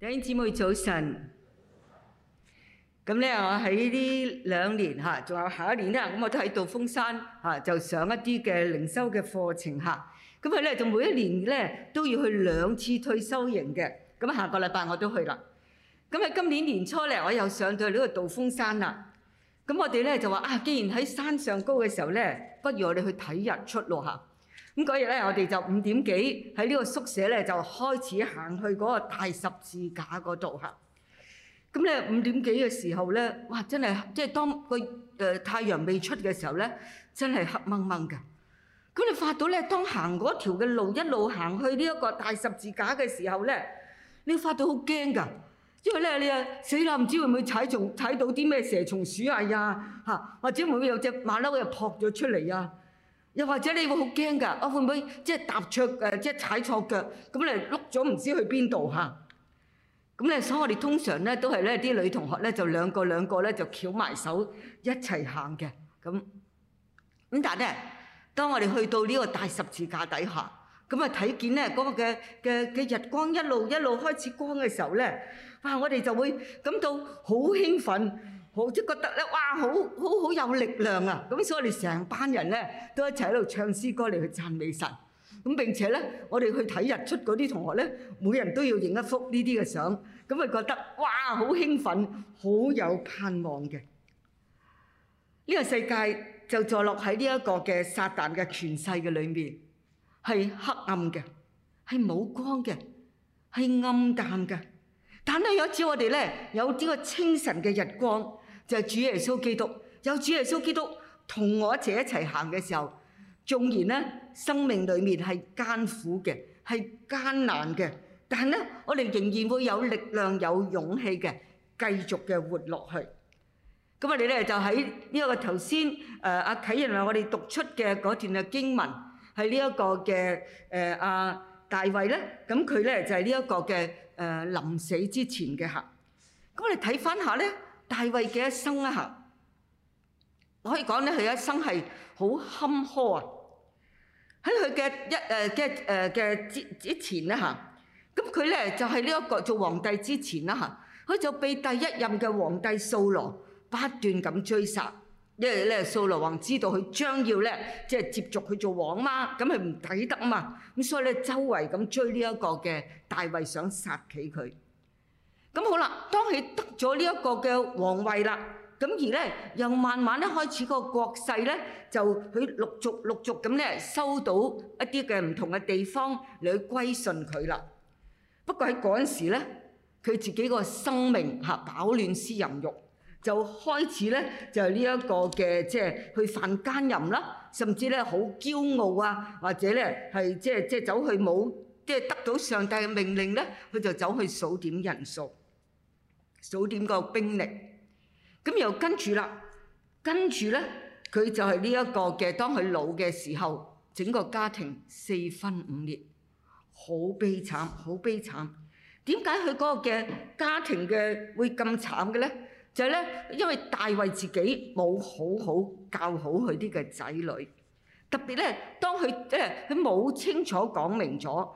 弟兄姊妹早晨，咁咧我喺呢兩年嚇，仲有下一年啦。咁我都喺道風山嚇、啊，就上一啲嘅靈修嘅課程嚇。咁佢咧就每一年咧都要去兩次退修營嘅。咁下個禮拜我都去啦。咁喺今年年初咧，我又上到去呢個道風山啦。咁我哋咧就話啊，既然喺山上高嘅時候咧，不如我哋去睇日出咯嚇。咁嗰日咧，我哋就五點幾喺呢個宿舍咧，就開始行去嗰個大十字架嗰度嚇。咁咧五點幾嘅時候咧，哇！真係即係當個誒太陽未出嘅時候咧，真係黑掹掹㗎。咁你發到咧，當行嗰條嘅路一路行去呢一個大十字架嘅時候咧，你發到好驚㗎。因為咧，你啊死啦，唔知會唔會踩蟲，踩到啲咩蛇蟲鼠蟻啊嚇，或者會唔會有隻馬騮又撲咗出嚟啊？又或者你會好驚㗎，我會唔會即係踏錯誒，即係踩錯腳？咁你碌咗唔知去邊度吓？咁咧，所以我哋通常咧都係咧啲女同學咧就兩個兩個咧就翹埋手一齊行嘅。咁咁但係咧，當我哋去到呢個大十字架底下，咁啊睇見咧嗰個嘅嘅嘅日光一路一路開始光嘅時候咧，哇！我哋就會感到好興奮。我即係覺得咧，哇！好好好有力量啊！咁所以我哋成班人咧都一齊喺度唱詩歌嚟去讚美神。咁並且咧，我哋去睇日出嗰啲同學咧，每人都要影一幅呢啲嘅相。咁啊覺得，哇！好興奮，好有盼望嘅。呢個世界就坐落喺呢一個嘅撒但嘅權勢嘅裏面，係黑暗嘅，係冇光嘅，係暗淡嘅。但係有一次我哋咧有呢個清晨嘅日光。就係主耶穌基督，有主耶穌基督同我一齊一齊行嘅時候，縱然咧生命裏面係艱苦嘅，係艱難嘅，但係咧我哋仍然會有力量、有勇氣嘅，繼續嘅活落去。咁我哋咧就喺呢一個頭先，誒阿啟仁話我哋讀出嘅嗰段嘅經文，係呢一個嘅誒阿大衛咧，咁佢咧就係呢一個嘅誒臨死之前嘅行。咁我哋睇翻下咧。大衛嘅一生啊，我可以講咧，佢一生係好坎坷啊！喺佢嘅一誒嘅誒嘅之之前咧嚇，咁佢咧就係呢一個做皇帝之前啦嚇，佢就被第一任嘅皇帝掃羅不斷咁追殺，因為咧掃羅王知道佢將要咧即係接續佢做王媽，咁佢唔抵得啊嘛，咁所以咧周圍咁追呢一個嘅大衛想殺死佢。咁好啦，當佢得咗呢一個嘅皇位啦，咁而咧又慢慢咧開始個國勢咧，就佢陸續陸續咁咧收到一啲嘅唔同嘅地方嚟去歸順佢啦。不過喺嗰陣時咧，佢自己個生命嚇，飽暖思淫慾，就開始咧就係呢一個嘅即係去犯奸淫啦，甚至咧好驕傲啊，或者咧係即係即係走去冇即係得到上帝嘅命令咧，佢就走去數點人數。數點個兵力，咁又跟住啦，跟住咧，佢就係呢一個嘅。當佢老嘅時候，整個家庭四分五裂，好悲慘，好悲慘。點解佢嗰個嘅家庭嘅會咁慘嘅咧？就係咧，因為大衛自己冇好好教好佢啲嘅仔女，特別咧，當佢，即係佢冇清楚講明咗。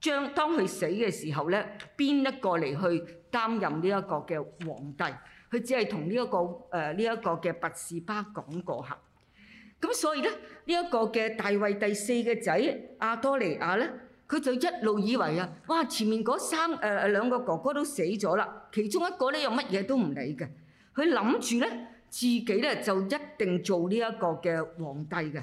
將當佢死嘅時候咧，邊一個嚟去擔任呢一個嘅皇帝？佢只係同呢一個誒呢一個嘅拔示巴講過下。咁所以咧，呢一個嘅大衛第四個仔亞多尼亞咧，佢就一路以為啊，哇！前面嗰三誒兩個哥哥都死咗啦，其中一個咧又乜嘢都唔理嘅，佢諗住咧自己咧就一定做呢一個嘅皇帝嘅。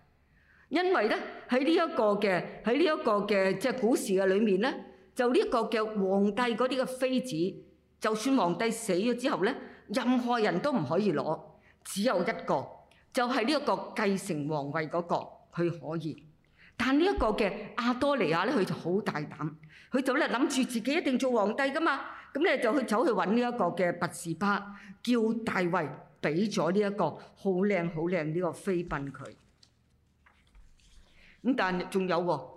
因為咧喺呢一個嘅喺呢一個嘅即係古時嘅裏面咧，就呢一個嘅皇帝嗰啲嘅妃子，就算皇帝死咗之後咧，任何人都唔可以攞，只有一個就係呢一個繼承皇位嗰個佢可以。但呢一個嘅阿多尼亞咧，佢就好大膽，佢就咧諗住自己一定做皇帝噶嘛，咁咧就去走去揾呢一個嘅拔士巴，叫大衛俾咗呢一個好靚好靚呢個妃嬪佢。咁但係仲有喎，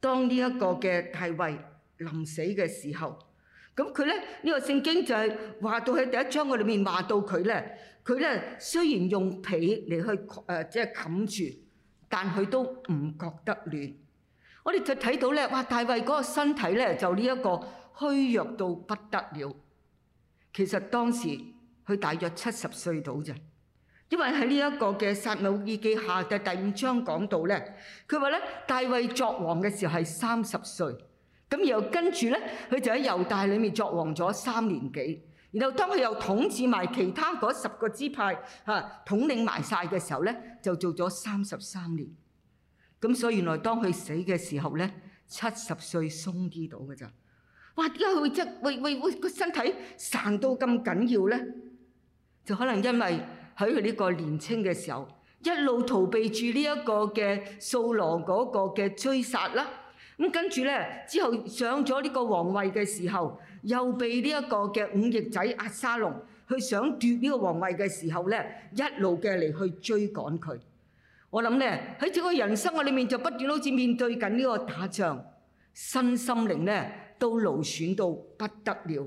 當呢一個嘅大衛臨死嘅時候，咁佢咧呢個聖經就係話到喺第一章嘅裏面話到佢咧，佢咧雖然用被嚟去誒即係冚住，但佢都唔覺得暖。我哋就睇到咧，哇！大衛嗰個身體咧就呢一個虛弱到不得了。其實當時佢大約七十歲到啫。因為喺呢一個嘅撒母耳記下嘅第五章講到咧，佢話咧，大衛作王嘅時候係三十歲，咁然後跟住咧，佢就喺猶大裏面作王咗三年幾，然後當佢又統治埋其他嗰十個支派嚇統領埋曬嘅時候咧，就做咗三十三年，咁所以原來當佢死嘅時候咧，七十歲鬆啲到嘅咋，哇，點解佢即係會會會個身體孱到咁緊要咧？就可能因為。喺佢呢個年青嘅時候，一路逃避住呢一個嘅掃羅嗰個嘅追殺啦。咁跟住咧，之後上咗呢個皇位嘅時候，又被呢一個嘅五翼仔押沙龍，佢想奪呢個皇位嘅時候咧，一路嘅嚟去追趕佢。我諗咧，喺整個人生裏面就不斷好似面對緊呢個打仗，身心靈咧都勞損到不得了。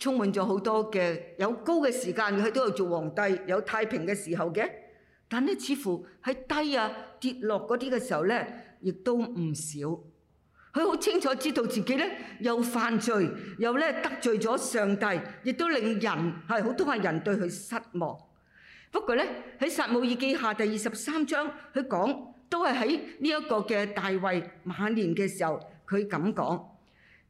充滿咗好多嘅有高嘅時間，佢都係做皇帝有太平嘅時候嘅。但咧，似乎喺低啊跌落嗰啲嘅時候咧，亦都唔少。佢好清楚知道自己咧又犯罪，又咧得罪咗上帝，亦都令人係好多係人對佢失望。不過咧，喺撒母耳記下第二十三章，佢講都係喺呢一個嘅大衛晚年嘅時候，佢咁講。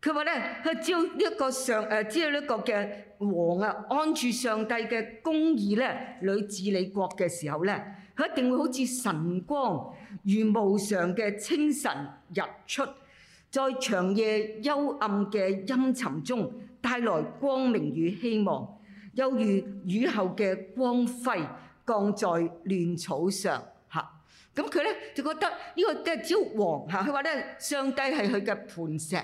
佢話咧，佢只要呢一個上誒，只要呢一個嘅王啊，按住上帝嘅公義咧，嚟治理國嘅時候咧，佢一定會好似晨光如無常嘅清晨日出，在長夜幽暗嘅陰沉中帶來光明與希望，猶如雨後嘅光輝降在嫩草上嚇。咁佢咧就覺得呢個即係只要王嚇，佢話咧，上帝係佢嘅磐石。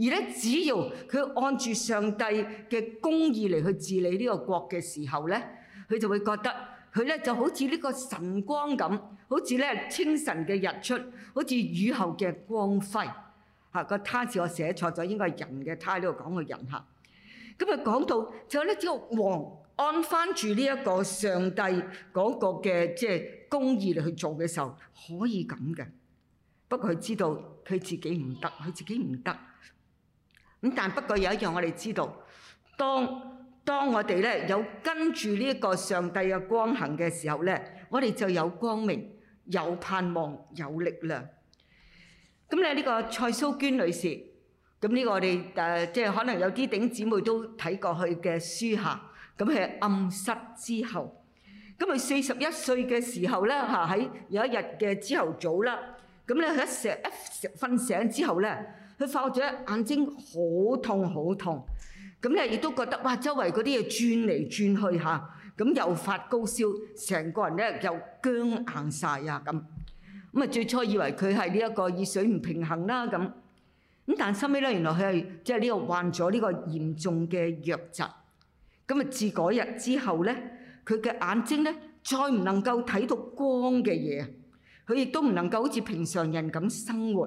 而咧，只要佢按住上帝嘅公義嚟去治理呢個國嘅時候咧，佢就會覺得佢咧就好似呢個晨光咁，好似咧清晨嘅日出，好似雨後嘅光輝嚇。個他字我寫錯咗，應該係人嘅他，呢度講嘅人嚇。咁啊講到就係咧，只要王按翻住呢一個上帝嗰個嘅即係公義嚟去做嘅時候，可以咁嘅。不過佢知道佢自己唔得，佢自己唔得。咁但不過有一樣我哋知道，當當我哋咧有跟住呢一個上帝嘅光行嘅時候咧，我哋就有光明、有盼望、有力量。咁咧呢個蔡蘇娟女士，咁呢個我哋誒、呃、即係可能有啲頂姊妹都睇過佢嘅書嚇。咁佢暗室之後，咁佢四十一歲嘅時候咧嚇，喺有一日嘅朝頭早啦，咁咧佢一成一瞓醒之後咧。佢發覺咗，眼睛好痛好痛，咁咧亦都覺得哇，周圍嗰啲嘢轉嚟轉去嚇，咁又發高燒，成個人咧又僵硬晒啊咁。咁啊，最初以為佢係呢一個耳水唔平衡啦咁，咁但係收尾咧，原來佢係即係呢個患咗呢個嚴重嘅瘧疾。咁啊，自嗰日之後咧，佢嘅眼睛咧再唔能夠睇到光嘅嘢，佢亦都唔能夠好似平常人咁生活。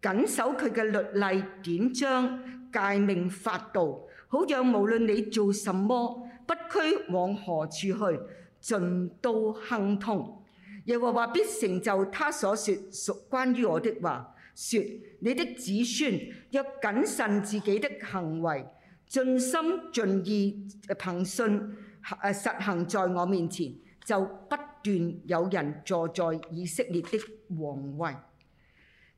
謹守佢嘅律例典章，誡命法度，好像無論你做什麼，不拘往何處去，盡都亨通。耶和華必成就他所說屬關於我的話，說：你的子孫若謹慎自己的行為，盡心盡意憑信誒實行在我面前，就不斷有人坐在以色列的王位。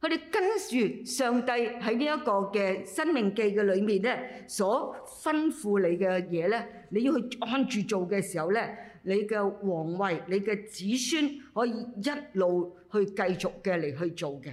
佢哋跟住上帝喺呢一個生命記裡面所吩咐你的嘢呢，你要去按住做的時候呢，你的王位，你的子孫可以一路去繼續嘅嚟去做的。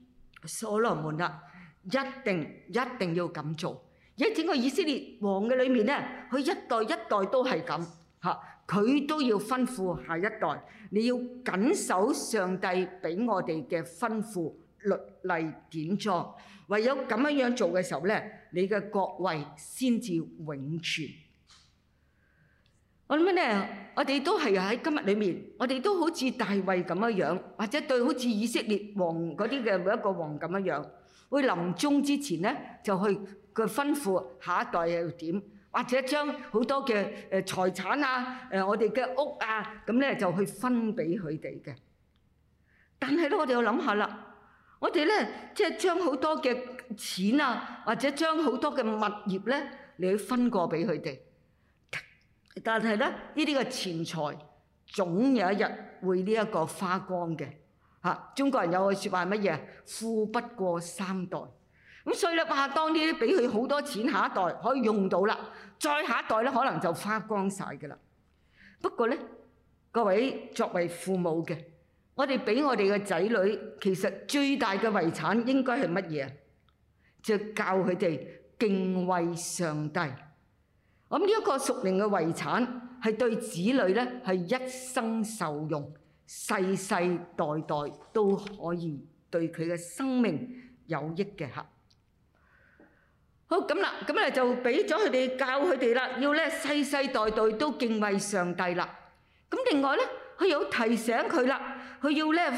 所羅門啦、啊，一定一定要咁做。而喺整個以色列王嘅裏面咧，佢一代一代都係咁嚇，佢都要吩咐下一代，你要謹守上帝俾我哋嘅吩咐律例典章。唯有咁樣樣做嘅時候咧，你嘅國位先至永存。我諗咩咧？我哋都係喺今日裏面，我哋都好似大衛咁樣樣，或者對好似以色列王嗰啲嘅每一個王咁樣樣，會臨終之前咧就去佢吩咐下一代係點，或者將好多嘅誒財產啊、誒我哋嘅屋啊，咁咧就去分俾佢哋嘅。但係咧，我哋要諗下啦，我哋咧即係將好多嘅錢啊，或者將好多嘅物業咧你去分過俾佢哋。但係咧，呢啲嘅錢財總有一日會呢一個花光嘅嚇、啊。中國人有句説話係乜嘢？富不過三代。咁所以咧，哇！當呢啲俾佢好多錢，下一代可以用到啦，再下一代咧可能就花光晒㗎啦。不過咧，各位作為父母嘅，我哋俾我哋嘅仔女，其實最大嘅遺產應該係乜嘢？就教佢哋敬畏上帝。咁呢一個屬靈嘅遺產係對子女咧，係一生受用，世世代代都可以對佢嘅生命有益嘅嚇。好，咁啦，咁咧就俾咗佢哋教佢哋啦，要咧世世代代都敬畏上帝啦。咁另外咧，佢有提醒佢啦，佢要咧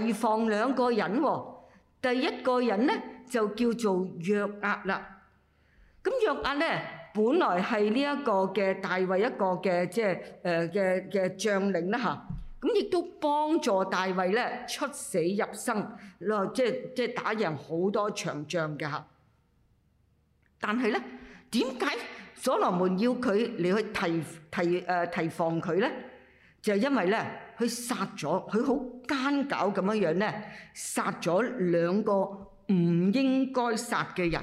提防兩個人喎。第一個人咧就叫做約押啦。咁約押咧。本來係呢一個嘅大衛一個嘅即係誒嘅嘅將領啦，嚇，咁亦都幫助大衛咧出死入生咯，即係即係打贏好多場仗嘅嚇。但係咧點解所羅門要佢嚟去提提誒提防佢咧？就係因為咧佢殺咗，佢好奸狡咁樣樣咧殺咗兩個唔應該殺嘅人。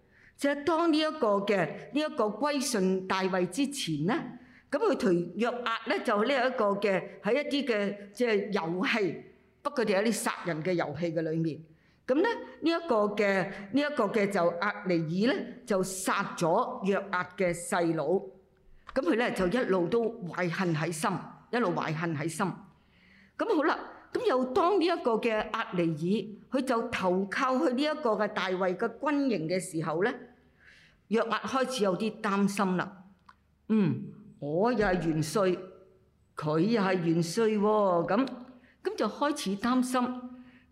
即係當呢一個嘅呢一個歸順大衛之前咧，咁佢同約押咧就咧有一個嘅喺一啲嘅即係遊戲，不過就喺啲殺人嘅遊戲嘅裏面。咁咧呢一個嘅呢一個嘅就押尼珥咧就殺咗約押嘅細佬，咁佢咧就一路都懷恨喺心，一路懷恨喺心。咁好啦，咁又當呢一個嘅押尼珥佢就投靠去呢一個嘅大衛嘅軍營嘅時候咧。約押開始有啲擔心啦。嗯，我又係元帥，佢又係元帥喎、啊。咁咁就開始擔心。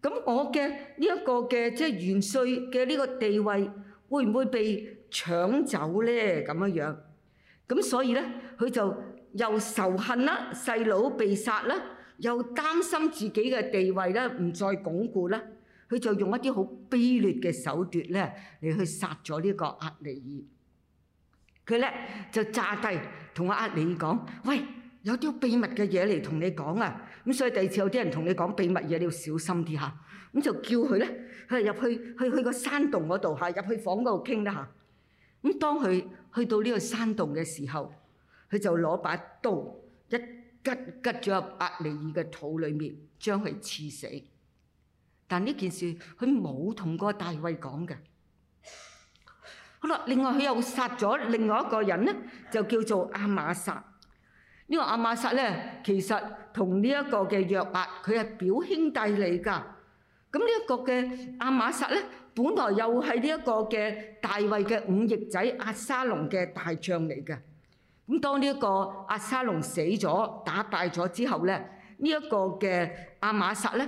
咁我嘅呢一個嘅即係元帥嘅呢個地位會唔會被搶走咧？咁樣樣。咁所以咧，佢就又仇恨啦，細佬被殺啦，又擔心自己嘅地位咧唔再鞏固啦。佢就用一啲好卑劣嘅手段咧，嚟去殺咗呢個押尼珥。佢咧就詐低同押尼珥講：喂，有啲秘密嘅嘢嚟同你講啊。咁所以第二次有啲人同你講秘密嘢，你要小心啲嚇。咁就叫佢咧，佢入去去去個山洞嗰度嚇，入去房嗰度傾啦嚇。咁當佢去到呢個山洞嘅時候，佢就攞把刀一拮拮咗入押尼珥嘅肚裡面，將佢刺死。但呢件事佢冇同個大衛講嘅。好啦，另外佢又殺咗另外一個人咧，就叫做亞瑪撒。呢、呢個亞瑪撒咧，其實同呢一個嘅約押，佢係表兄弟嚟㗎。咁呢一個嘅亞瑪撒咧，本來又係呢一個嘅大衛嘅忤逆仔阿沙龍嘅大將嚟㗎。咁當呢一個阿沙龍死咗、打敗咗之後咧，呢、呢、一個嘅亞瑪撒咧。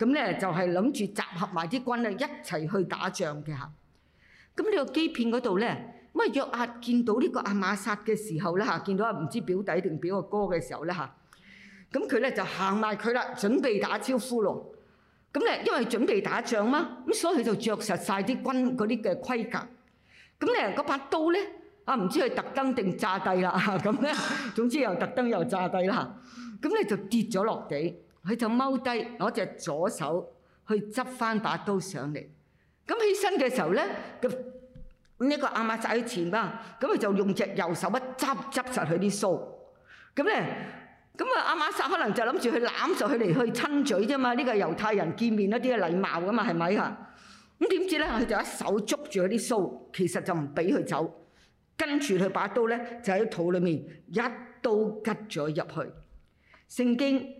咁咧就係諗住集合埋啲軍咧一齊去打仗嘅嚇。咁呢個基遍嗰度咧，咁啊約押見到呢個亞瑪撒嘅時候咧嚇，見到阿唔知表弟定表阿哥嘅時候咧嚇，咁佢咧就行埋佢啦，準備打招呼咯。咁咧因為準備打仗嘛，咁所以就著實曬啲軍嗰啲嘅盔甲。咁咧嗰把刀咧啊，唔知係特登定炸低啦嚇咁。總之又特登又炸低啦嚇。咁咧就跌咗落地。佢就踎低，攞隻左手去執翻把刀上嚟。咁起身嘅時候咧，咁呢個亞瑪撒喺前嘛，咁佢就用隻右手一執執實佢啲鬚。咁咧，咁啊亞瑪撒可能就諗住去攬住佢嚟去親嘴啫嘛。呢個猶太人見面一啲嘅禮貌噶嘛，係咪啊？咁點知咧，佢就一手捉住佢啲鬚，其實就唔俾佢走。跟住佢把刀咧，就喺肚裏面一刀拮咗入去。聖經。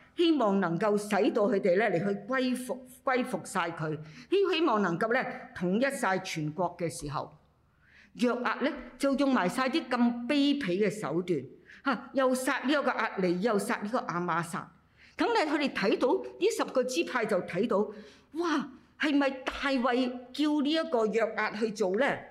希望能夠使到佢哋咧嚟去歸服歸服晒佢，希希望能夠咧統一晒全國嘅時候，約押咧就用埋晒啲咁卑鄙嘅手段吓，又殺呢一個押尼珥，又殺呢個亞瑪撒。等你佢哋睇到呢十個支派就睇到，哇，係咪大衛叫呢一個約押去做咧？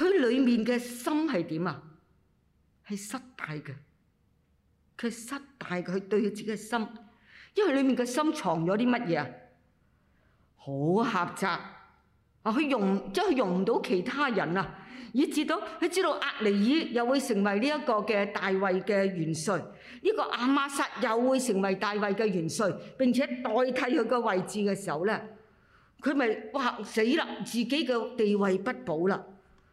佢裏面嘅心係點啊？係失大嘅，佢失大佢對自己嘅心，因為裏面嘅心藏咗啲乜嘢啊？好狹窄啊！佢容即係佢容唔到其他人啊！以至到佢知道押尼珥又會成為呢一個嘅大衛嘅元帥，呢個亞瑪撒又會成為大衛嘅元帥，並且代替佢嘅位置嘅時候咧，佢咪哇死啦！自己嘅地位不保啦！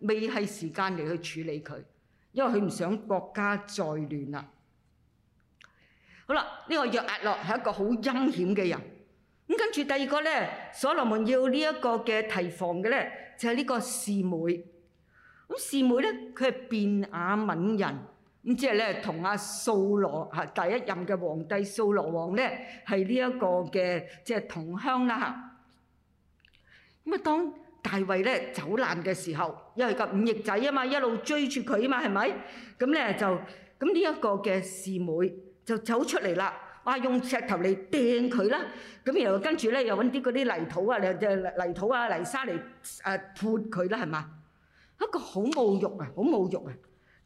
未係時間嚟去處理佢，因為佢唔想國家再亂啦。好啦，呢、這個約押落係一個好陰險嘅人。咁跟住第二個咧，所羅門要呢一個嘅提防嘅咧，就係、是、呢個示每。咁示每咧，佢係便雅憫人，咁即係咧同阿掃羅嚇第一任嘅皇帝掃羅王咧係呢一個嘅即係同鄉啦。咁啊當。大衛咧走難嘅時候，因為個五翼仔啊嘛，一路追住佢啊嘛，係咪？咁咧就咁呢一個嘅侍妹就走出嚟啦，哇！用石頭嚟掟佢啦，咁然後跟住咧又揾啲嗰啲泥土啊、泥泥土啊、泥沙嚟誒潑佢啦，係嘛？一個好侮辱啊，好侮辱啊！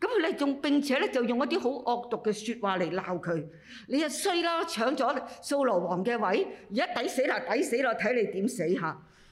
咁佢咧仲並且咧就用一啲好惡毒嘅説話嚟鬧佢，你啊衰啦，搶咗掃羅王嘅位，而家抵死啦，抵死啦，睇你點死嚇！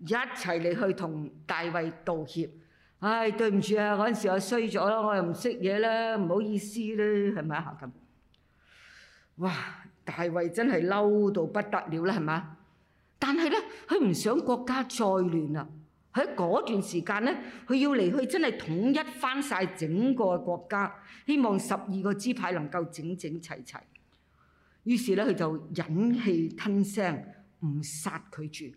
一齊嚟去同大衛道歉，唉，對唔住啊！嗰陣時我衰咗啦，我又唔識嘢啦，唔好意思啦，係咪啊？哈咁，哇！大衛真係嬲到不得了啦，係咪？但係咧，佢唔想國家再亂啊！喺嗰段時間咧，佢要嚟去真係統一翻曬整個國家，希望十二個支派能夠整整齊齊。於是咧，佢就忍氣吞聲，唔殺佢住。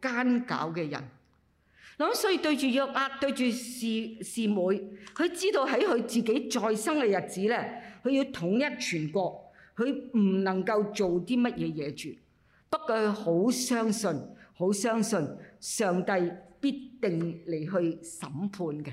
奸狡嘅人，咁所以對住約押對住示每，佢知道喺佢自己在生嘅日子咧，佢要統一全國，佢唔能夠做啲乜嘢嘢住，不過佢好相信，好相信上帝必定嚟去審判嘅。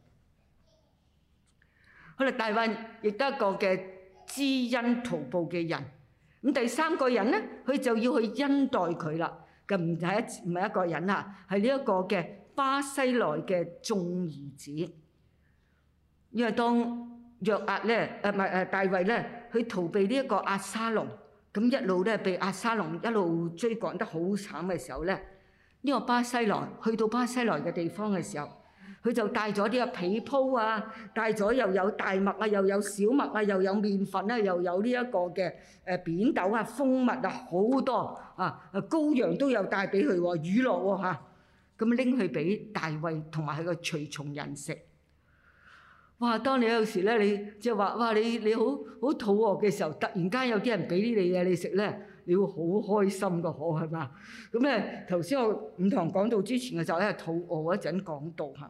佢哋大衛亦都係一個嘅知恩圖報嘅人。咁第三個人咧，佢就要去恩待佢啦。咁唔係一唔係一個人啦，係呢一個嘅巴西萊嘅眾兒子。因為當約押咧，唔係誒大衛咧，去逃避呢一個押沙龍，咁一路咧被押沙龍一路追趕得好慘嘅時候咧，呢個巴西萊去到巴西萊嘅地方嘅時候。佢就帶咗啲啊被鋪啊，帶咗又有大麥啊，又有小麥啊，又有麵粉咧，又有呢一個嘅誒扁豆啊、蜂蜜啊好多啊，啊羔羊都有帶俾佢喎，乳酪喎嚇，咁啊拎去俾大衛同埋佢個隨從人食。哇！當你有時咧，你即係話哇，你你好好肚餓嘅時候，突然間有啲人俾啲你嘢你食咧，你會好開心噶，可係嘛？咁咧頭先我午堂講道之前嘅時候咧，肚餓一陣講道嚇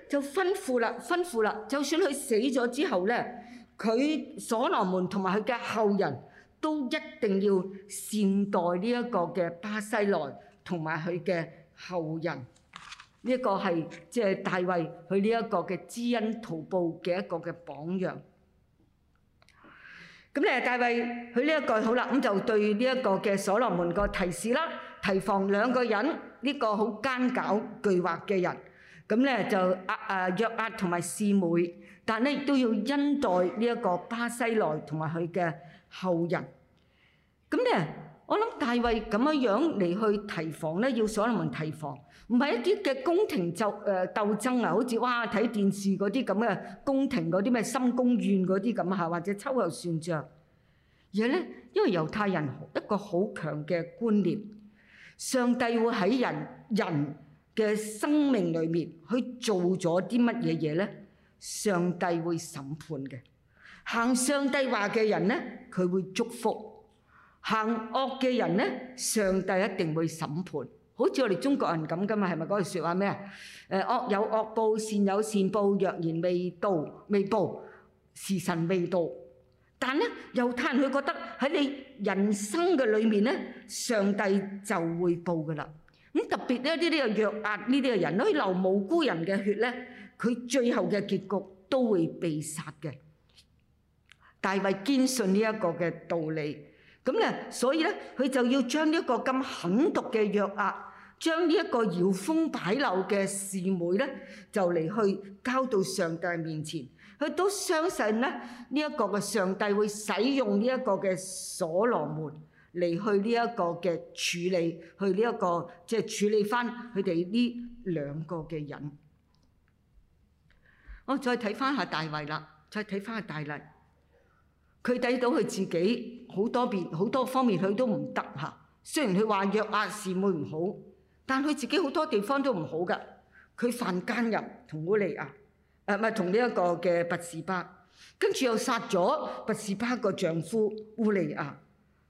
就吩咐啦，吩咐啦！就算佢死咗之後咧，佢所羅門同埋佢嘅後人都一定要善待呢一個嘅巴西萊同埋佢嘅後人。呢一個係即係大衛佢呢一個嘅知恩圖報嘅一個嘅榜樣。咁咧，大衛佢呢一個好啦，咁就對呢一個嘅所羅門個提示啦，提防兩個人呢個好奸狡巨猾嘅人。咁咧就壓誒約押同埋示每，但咧亦都要恩待呢一個巴西內同埋佢嘅後人。咁咧，我諗大衛咁樣樣嚟去提防咧，要所有人提防，唔係一啲嘅宮廷鬥誒鬥爭啊，好似哇睇電視嗰啲咁嘅宮廷嗰啲咩深宮怨嗰啲咁嚇，或者秋後算賬。然後咧，因為猶太人一個好強嘅觀念，上帝會喺人人。嘅生命裏面去做咗啲乜嘢嘢咧？上帝會審判嘅。行上帝話嘅人咧，佢會祝福；行惡嘅人咧，上帝一定會審判。好似我哋中國人咁噶嘛？係咪嗰句説話咩啊？誒，惡有惡報，善有善報。若然未到未報，時辰未到，但咧猶太人佢覺得喺你人生嘅裏面咧，上帝就會報噶啦。咁特別咧，呢啲嘅約押，呢啲嘅人可以流無辜人嘅血咧，佢最後嘅結局都會被殺嘅。大衛堅信呢一個嘅道理，咁咧，所以咧，佢就要將呢一個咁狠毒嘅約押，將呢一個搖風擺柳嘅示每咧，就嚟去交到上帝面前。佢都相信咧，呢一個嘅上帝會使用呢一個嘅所羅門。嚟去呢一個嘅處理，去呢、這、一個即係處理翻佢哋呢兩個嘅人。我再睇翻下大衛啦，再睇翻下大衛，佢睇到佢自己好多面，好多方面佢都唔得嚇。雖然佢話約押，啊，示每唔好，但佢自己好多地方都唔好㗎。佢犯奸淫同烏利亞，誒唔係同呢一個嘅拔士巴，跟住又殺咗拔士巴個丈夫烏利亞。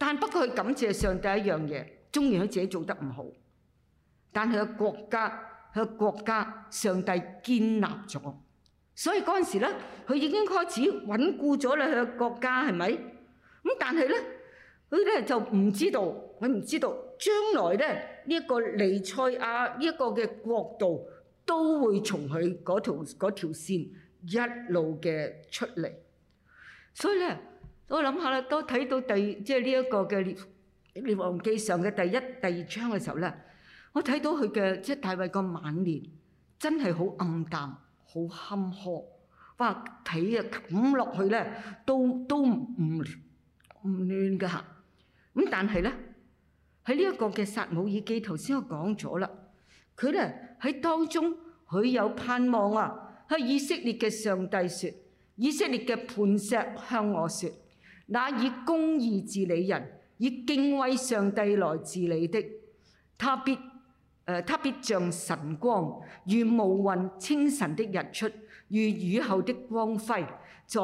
但不過佢感謝上帝一樣嘢，忠於佢自己做得唔好，但係個國家，佢個國家上帝建立咗，所以嗰陣時咧，佢已經開始穩固咗啦。佢嘅國家係咪？咁但係咧，佢咧就唔知道，佢唔知道將來咧呢一個尼賽亞呢一個嘅國度都會從佢嗰條嗰條線一路嘅出嚟，所以咧。我諗下啦，都睇到第即係呢一個嘅列列王記上嘅第一、第二章嘅時候咧，我睇到佢嘅即係大衛個晚年真係好暗淡、好坎坷，嘩睇啊噉落去咧都都唔唔亂噶嚇。咁但係咧喺呢一個嘅撒母耳記，頭先我講咗啦，佢咧喺當中佢有盼望啊，向以色列嘅上帝説，以色列嘅磐石向我説。那以公義治理人，以敬畏上帝來治理的，他必誒、呃、他必像晨光，如無雲清晨的日出，如雨後的光輝，在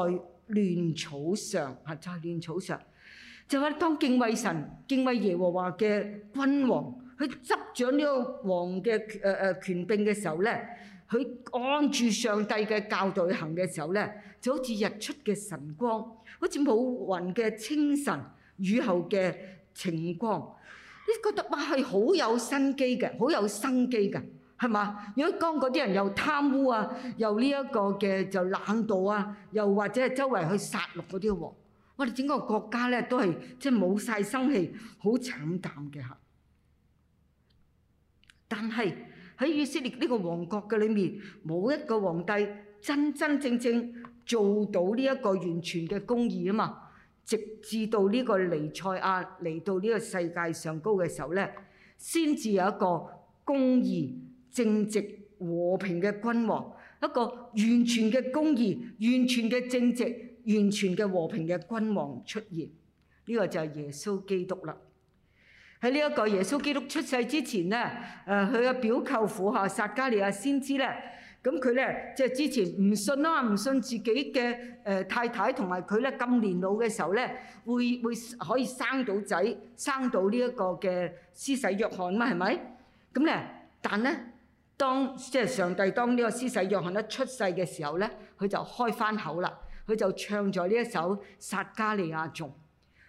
亂草上啊，在亂草上，就係當敬畏神、敬畏耶和華嘅君王去執掌呢個王嘅誒誒權柄嘅時候咧。佢按住上帝嘅教導行嘅時候咧，就好似日出嘅晨光，好似冇雲嘅清晨，雨後嘅晴光，你覺得哇係好有生機嘅，好有生機嘅，係嘛？如果當嗰啲人又貪污啊，又呢一個嘅就冷惰啊，又或者係周圍去殺戮嗰啲喎，哇！我哋整個國家咧都係即係冇晒生氣，好慘淡嘅嚇。但係。喺以色列呢個王國嘅裏面，冇一個皇帝真真正正做到呢一個完全嘅公義啊嘛！直至到呢個尼賽亞嚟到呢個世界上高嘅時候咧，先至有一個公義、正直、和平嘅君王，一個完全嘅公義、完全嘅正直、完全嘅和平嘅君王出現。呢、這個就係耶穌基督啦。喺呢一個耶穌基督出世之前咧，誒佢嘅表舅父哈撒加利亞先知咧，咁佢咧即係之前唔信啦，唔信自己嘅誒太太同埋佢咧咁年老嘅時候咧，會會可以生到仔，生到呢一個嘅施洗約翰啊嘛，係咪？咁咧，但咧當即係上帝當呢個施洗約翰咧出世嘅時候咧，佢就開翻口啦，佢就唱咗呢一首撒加利亞頌。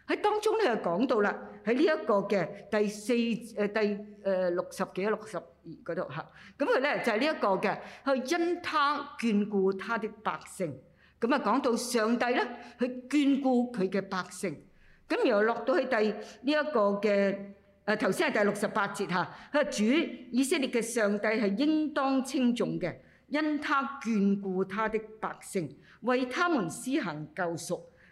喺當中咧就講到啦，喺呢一個嘅第四誒第誒六十幾、六十二嗰度嚇，咁佢咧就係呢一個嘅，去因他眷顧他的百姓，咁啊講到上帝咧去眷顧佢嘅百姓，咁然後落到去第呢一個嘅誒頭先係第六十八節嚇，佢話主以色列嘅上帝係應當稱重嘅，因他眷顧他的百姓，為他們施行救贖。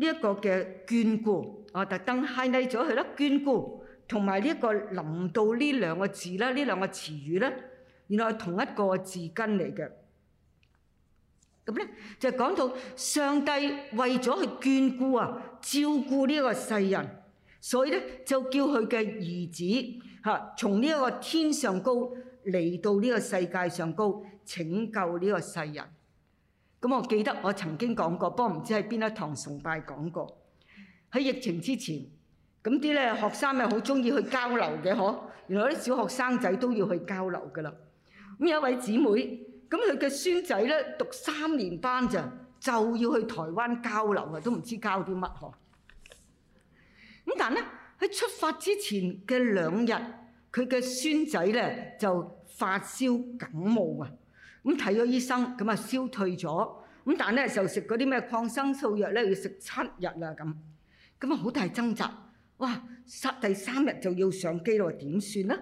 呢一個嘅眷顧啊，特登 highlight 咗佢啦，眷顧同埋呢一個臨到呢兩個字咧，呢兩個詞語咧，原來係同一個字根嚟嘅。咁咧就講到上帝為咗去眷顧啊，照顧呢個世人，所以咧就叫佢嘅兒子嚇從呢一個天上高嚟到呢個世界上高拯救呢個世人。咁我記得我曾經講過,不過唔知喺邊一堂崇拜講過。咁睇咗醫生，咁啊消退咗。咁但係咧就食嗰啲咩抗生素藥咧，要食七日啦咁。咁啊好大掙扎，哇！塞第三日就要上機咯，點算咧？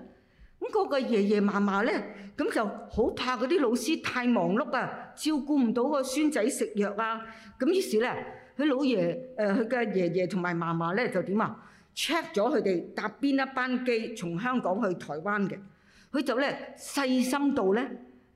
咁個個爺爺嫲嫲咧，咁就好怕嗰啲老師太忙碌啊，照顧唔到個孫仔食藥啊。咁於是咧，佢老爺誒佢嘅爺爺同埋嫲嫲咧就點啊？Check 咗佢哋搭邊一班機從香港去台灣嘅。佢就咧細心到咧。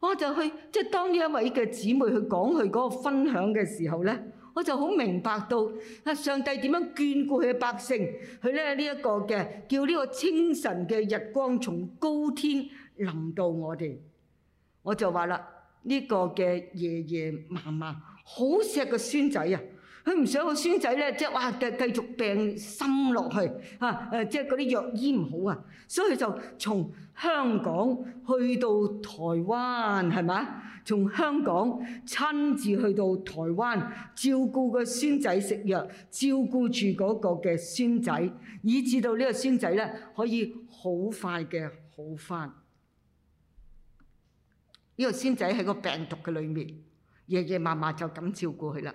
我就去，即係當呢一位嘅姊妹去講佢嗰個分享嘅時候咧，我就好明白到啊上帝點樣眷顧佢嘅百姓，佢咧呢一個嘅叫呢個清晨嘅日光從高天臨到我哋，我就話啦呢個嘅爺爺嫲嫲好錫個孫仔啊！佢唔想個孫仔咧，即係哇繼繼續病深落去嚇誒，即係嗰啲藥醫唔好啊，所以就從香港去到台灣係咪？從香港親自去到台灣照顧個孫仔食藥，照顧住嗰個嘅孫仔，以至到呢個孫仔咧可以好快嘅好翻。呢、這個孫仔喺個病毒嘅裏面，爺爺嫲嫲就咁照顧佢啦。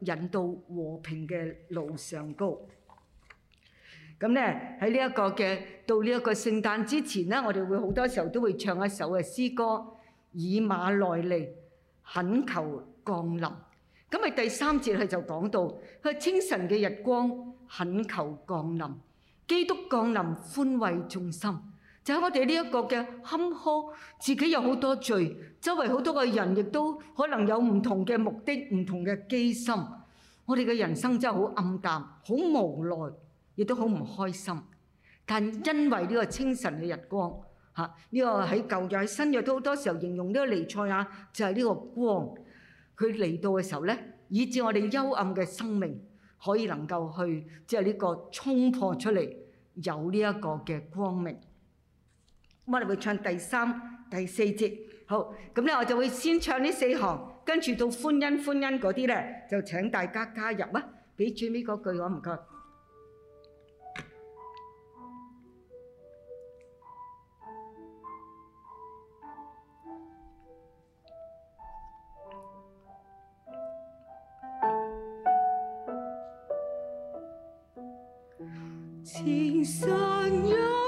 引導和平嘅路上高呢，咁咧喺呢一個嘅到呢一個聖誕之前咧，我哋會好多時候都會唱一首嘅詩歌《以馬內利》，懇求降臨。咁咪第三節佢就講到，佢清晨嘅日光，懇求降臨，基督降臨，寬慰眾心。就喺我哋呢一個嘅坎坷，自己有好多罪，周圍好多嘅人亦都可能有唔同嘅目的、唔同嘅機心。我哋嘅人生真係好暗淡、好無奈，亦都好唔開心。但因為呢個清晨嘅日光，嚇呢個喺舊約、喺新約都好多時候形容呢個彌賽亞就係呢個光，佢嚟到嘅時候咧，以致我哋幽暗嘅生命可以能夠去即係呢個衝破出嚟，有呢一個嘅光明。我哋會唱第三、第四節。好，咁咧，我就會先唱呢四行，跟住到歡欣歡欣嗰啲咧，就請大家加入啦，俾最尾嗰句我唔該。前生有。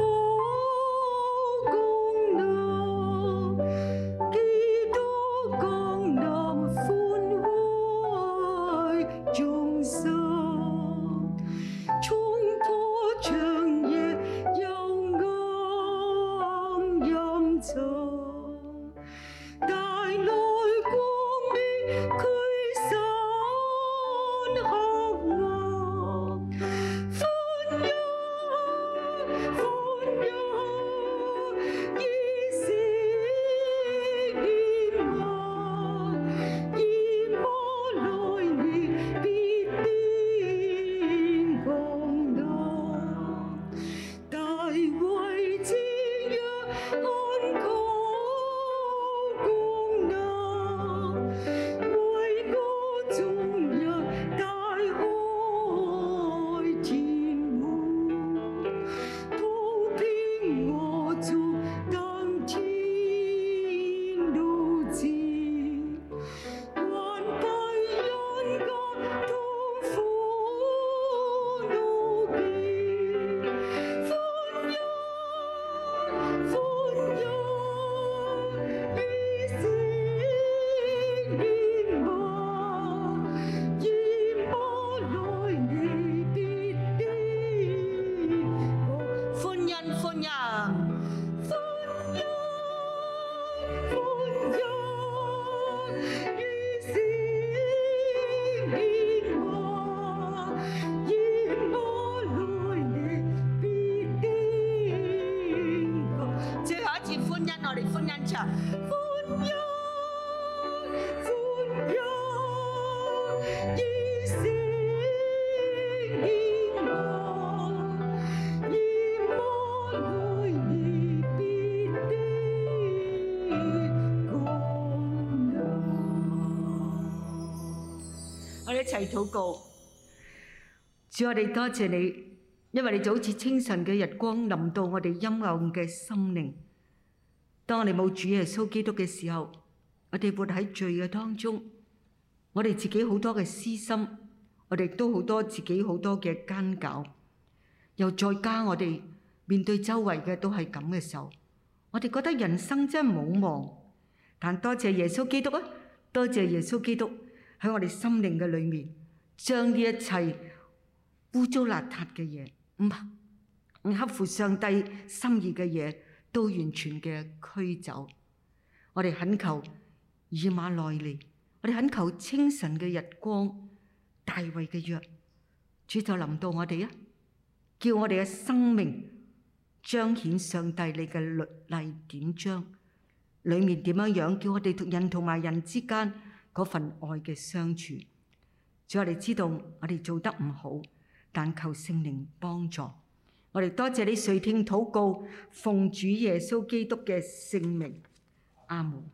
禱告，主我哋多謝你，因為你就好似清晨嘅日光，臨到我哋陰暗嘅心靈。當我哋冇主耶穌基督嘅時候，我哋活喺罪嘅當中，我哋自己好多嘅私心，我哋都好多自己好多嘅奸狡，又再加我哋面對周圍嘅都係咁嘅時候，我哋覺得人生真係冇望。但多謝耶穌基督啊，多謝耶穌基督。喺我哋心靈嘅裏面，將呢一切污糟邋遢嘅嘢，唔合唔合乎上帝心意嘅嘢，都完全嘅驅走。我哋懇求以馬內利，我哋懇求清晨嘅日光、大衛嘅鑰，主就臨到我哋啊！叫我哋嘅生命彰顯上帝你嘅律例典章，裏面點樣樣？叫我哋同人同埋人之間。嗰份愛嘅相處，我哋知道我哋做得唔好，但求聖靈幫助。我哋多謝你垂聽禱告，奉主耶穌基督嘅聖名，阿門。